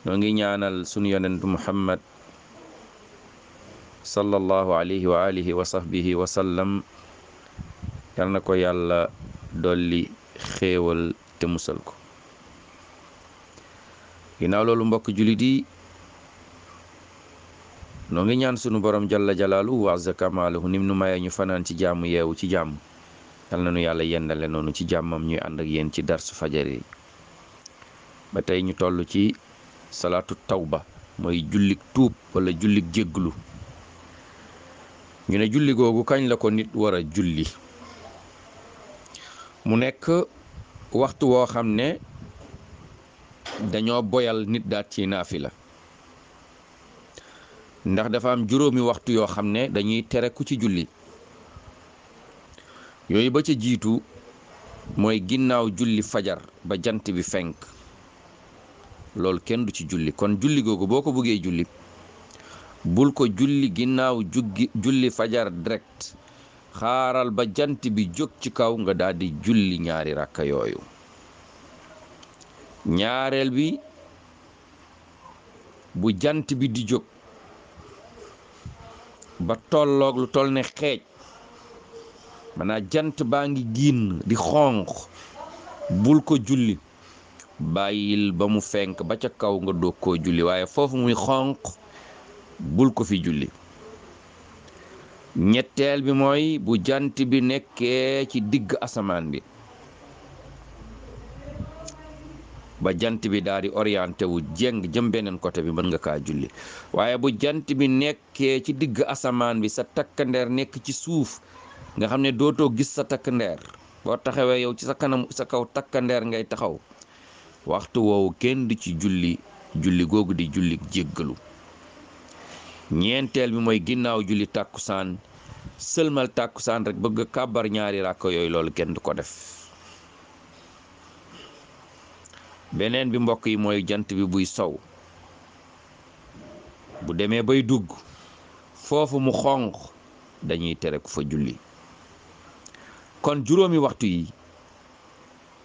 noo ngi ñaanal sunu yonentu muhammad sallallahu alayhi wa alihi wa sahbihi wa sallam yal na ko yàlla dolli xéewal te musal ko ginnaaw loolu mbokk jullit yi noo ngi ñaan sunu boroom jalla jalaalu wa azza kamaaluhu nim nu ñu fanaan ci jàmm yeewu ci jàmm yal na nu yàlla yendale noonu ci jàmmam ñuy ànd ak yéen ci darsu fajar yi ba tey ñu toll ci salaatu taw ba mooy jullik tuub wala jullik jégglu ñu ne julli googu kañ la ko nit wara julli mu nekk waxtu woo xam ne dañoo boyal nit daat ci la ndax dafa am juróomi waxtu yoo xam ne dañuy tereku ci julli yooyu ba ca jiitu mooy ginnaaw julli fajar ba jant bi fenk loolu kenn du ci julli kon julli googu boo ko buggee julli bul ko julli ginnaaw julli fajar direct xaaral ba jant bi jóg ci kaw nga daldi julli ñaari rakka yooyu ñaareel bi bu jant bi di jóg ba tolloog lu toll ne xeej maanaam jant baa ngi génn di xonq bul ko julli bàyyil ba mu fenk ba ca kaw nga doog koo julli waaye foofu muy xonq bul ko fi julli ñetteel bi mooy bu jant bi nekkee ci digg asamaan bi ba jant bi daal orienté wu jéng jëm beneen côté bi mën nga kaa julli waaye bu jant bi nekkee ci digg asamaan bi sa takkandeer nekk ci suuf nga xam ne dootoo gis sa takkandeer boo taxawee yow ci sa kanam sa kaw takkandeer ngay taxaw waxtu woowu kenn di ci julli julli googu di julli jéggalu ñeenteel bi mooy ginnaaw julli tàkkusaan sëlmal tàkkusaan rek bëgg kàbbar ñaari ràkk yooyu loolu kenn du ko def beneen bi mbokk yi mooy jant bi buy sow bu demee bay dugg foofu mu xonq dañuy tere ku fa julli kon juróomi waxtu yi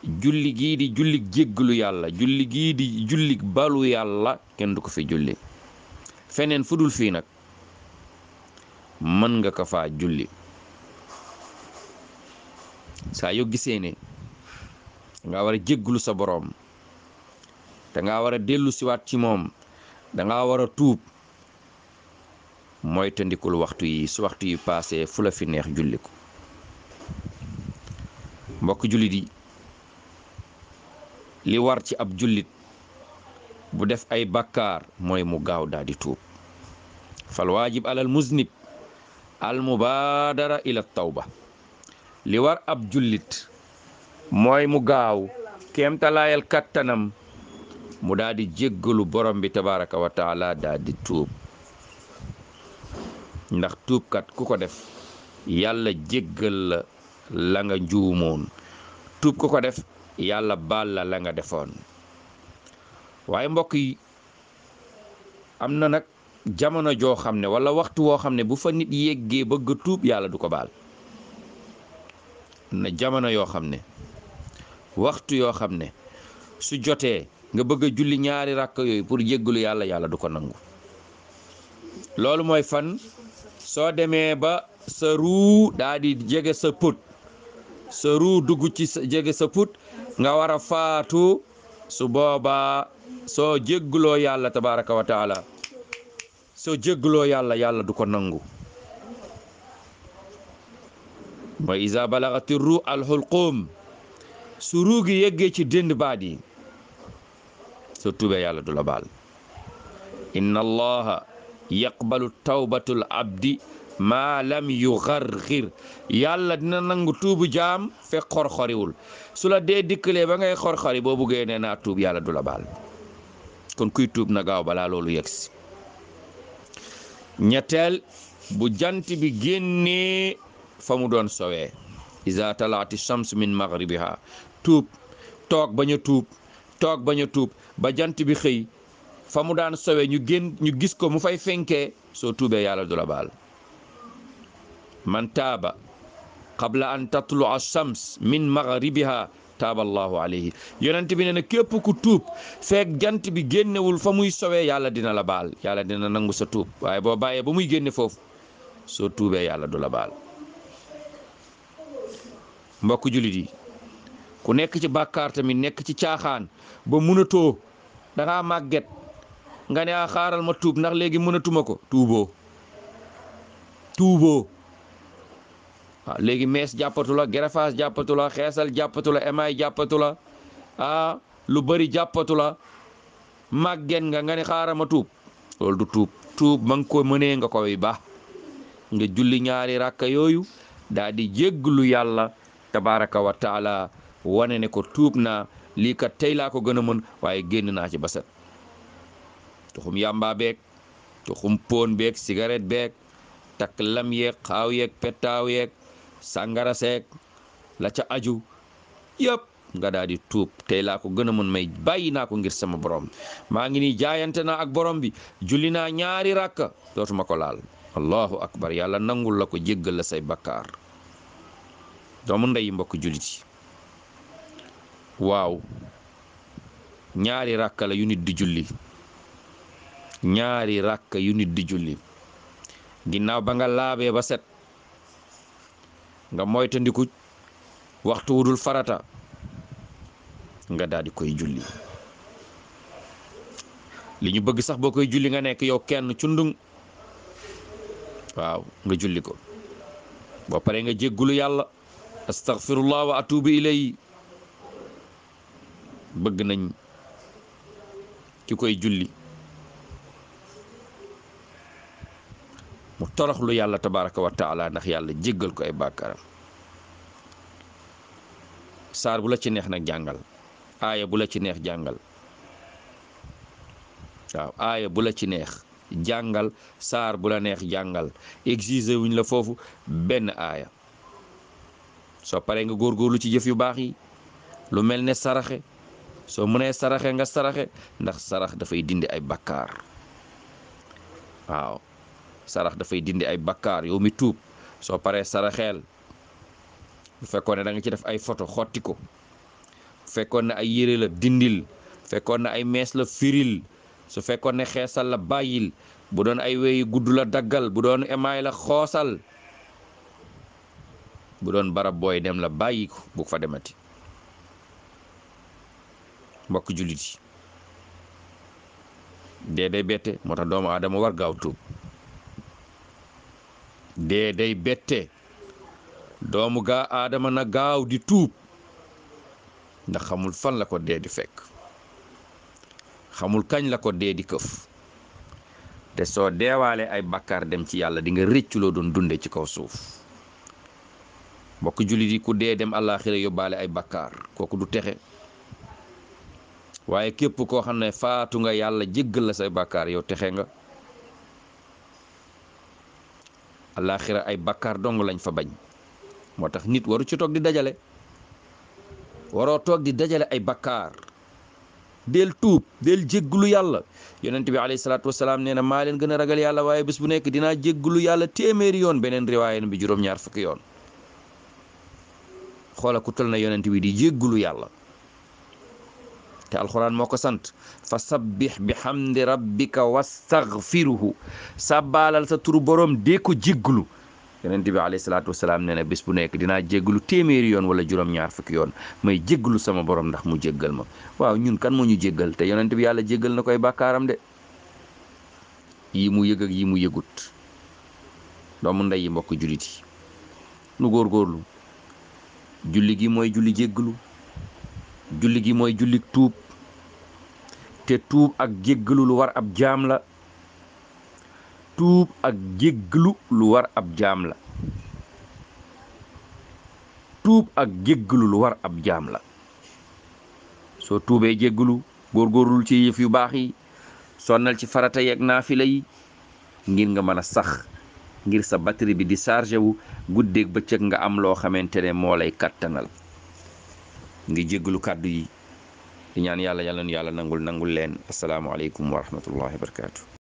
julli gii di julli jéggalu yàlla julli gii di julli balu yàlla kenn du ko fi julli feneen fu dul fii nag mën nga ko fa julli saa yoo gisee ne danga war a jéggalu sa boroom danga war a dellu siwaat ci moom danga war a tuub mooy tëndikul waxtu yi su waxtu yi paasee fu la fi neex julli ko mbokk jullit yi li war ci ab jullit bu def ay bakkaar mooy mu gaaw daal di tuub fal alal muznib al mubaadara ila tawba li war ab jullit mooy mu gaaw kéemtalaayal kattanam mu daal di jéggalu borom bi tabaraka wa taala di tuub ndax tuubkat ku ko def yàlla jéggal la la nga njuumoon tuub ku ko def yàlla baal la la nga defoon waaye mbokk yi am na nag jamono joo xam ne wala waxtu woo xam ne bu fa nit yeggee bëgg tuub yàlla du ko baal na jamono yoo xam ne waxtu yoo xam ne su jotee nga bëgga julli ñaari rakk yooyu pour jéggalu yàlla yàlla du ko nangu loolu mooy fan soo demee ba sa ruu daa jege sa put sa ruu dugg ci sa jege sa put nga war a faatu su boobaa soo jégguloo yàlla tabaraka wa taala soo jégguloo yàlla yàlla du ko nangu mooy isa balagati su ruu gi yeggee ci dënd baat yi soo tuubee yàlla du la baal inna allaha yaqbalu tawbatul abdi maa lam yu xarxir yàlla dina nangu tuubu jaam fekk xorxoriwul su la dee dikkalee ba ngay xorxori boo buggee nee naa tuub yàlla du la baal kon kuy tuub na gaaw balaa loolu yegsi ñetteel bu jant bi génnee fa mu doon sowee isa talaati shams min maghribiha tuub toog bañ a tuub toog bañ a tuub ba jant bi xëy fa mu daan sowee ñu génn ñu gis ko mu fay fenkee soo tuubee yàlla du la baal man taaba qabla an tatlua shams min maghribiha taaba allahu alayhi yonent bi ne na képp ku tuub feek jant bi génnewul fa muy sowee yàlla dina la baal yàlla dina nangu sa tuub waaye boo bàyyee ba muy génne foofu soo tuubee yàlla du la baal mbokk jullit yi ku nekk ci bàkkaar tamit nekk ci caaxaan ba munatoo dangaa màgget nga ne a ah, xaaral ma tuub ndax léegi mënatuma ko tuuboo tuuboo waaw léegi mees jàppatu la gerefaas xeesal jàppatula la emaay jàppatu la ah lu bëri jàppatu la nga nga ne xaaral tuub loolu du tuub tuub ma ko mënee nga koy ba nga julli ñaari rakka yooyu daa di lu yàlla tabaraka wa taala wane ne ko tuub naa lii kat tey laa ko gën a mën waaye génn naa ci basat tuxum yàmbaa beeg tuxum póon beeg cigarette beeg takk lam yeeg xaaw yeeg pettaaw yeeg sàngara seeg la ca aju yëpp nga daal tuub tey laa ko gën a mën may bàyyi naa ko ngir sama borom maa ngi nii jaayante naa ak borom bi julli naa ñaari rakka dootuma ko laal allahu akbar yàlla nangul la ko jéggal la say bakkaar doomu ndey mbokk jullit yi waaw ñaari rakka la yu di julli ñaari rakka yu nit di julli ginnaaw ba laabee ba set nga moytandiku waxtu wudul farata nga daldi koy julli li ñu bëgg sax boo koy julli nga nekk yow kenn cundung waaw nga julli ko boo paree nga jéggulu yàlla astaghfirullah wa bi ilay bëgg nañ ki koy julli mu toroxlu yàlla tabaraka wa taala ndax yàlla jéggal ko ay bàkkaaram saar bu la ci neex nag jàngal aaya bu la ci neex jàngal waaw bu la ci neex jàngal saar bu la neex jàngal exiger wuñ la foofu benn aaya soo paree nga góor góorgóorlu ci jëf yu baax yi lu mel ne saraxe soo mënee saraxe nga saraxe ndax sarax dafay dindi ay bakkaar waaw sarax dafay dindi ay bakkaar yow mi tuub soo paree saraxeel bu fekkoon ne danga ci def ay photo xotti ko bu fekkoon ne ay yére la dindil fekkoon ne ay mees la firil su fekkoon ne xeesal la bàyyil bu doon ay weyi gudd la daggal bu doon emaay la xoosal bu doon barab booy dem la bàyyi ko bu fa demati mbokk jullit yi dee dee bette moo tax doomu aadama war gaaw tuub dee day bette doomu gaa aadama na gaaw di tuub ndax xamul fan la ko dee di fekk xamul kañ la ko dee di këf te soo deewaale ay bakkaar dem ci yàlla di nga rëccu loo doon dunde ci kaw suuf mbokk jullit yi ku dee dem àllaaxira yóbbaale ay bakkaar kooku du texe waaye képp koo xam ne faatu nga yàlla jéggal la say bakkaar yow texe nga alaaxira ay bakkaar dong lañ fa bañ moo tax nit waru ci toog di dajale waroo toog di dajale ay bakkaar del tuub del jégglu yàlla yonent bi alayhi salaatu wasalaam nee maa leen gën a ragal yàlla waaye bés bu nekk dinaa jégglu yàlla téeméeri yoon beneen riwaayan bi juróom-ñaar fukki yoon xoola ku na yonent bi di jégglu yàlla te alxuraan moo ko sant fa sabbih bi hamdi rabbika wastaghfiruhu baalal sa turu borom dee ko jégglu yonent bi alayhi salaatu wasalaam bis bu nekk dinaa jégglu téeméeri yoon wala juróom-ñaar fukki yoon may jégglu sama borom ndax mu jéggal ma waaw ñun kan moo ñu jéggal te yonent bi yàlla jéggal na koy bàkkaaram de yi mu yëg yi mu yëgut doomu ndey yi mbokk jullit lu nu góorgóorlu julli gi mooy julli jégglu julli gi mooy jullik tuub te tuub ak jéggalu lu war ab jaam la tuub ak jéggalu lu war ab jaam la tuub ak jéggalu war ab jaam la soo tuubee jéggalu góorgóorlul ci yëf yu baax yi sonnal ci farata yeeg naafila yi ngir nga mën a sax ngir sa batterie bi di chargé wu guddeeg bëccëg nga am loo xamante ne moo lay kattanal ngi jéggalu kàddu yi di ñaan yàlla yàlla nu yàlla nangul nangul leen asalaamualeykum wa rahmatullahi wa barakaatu.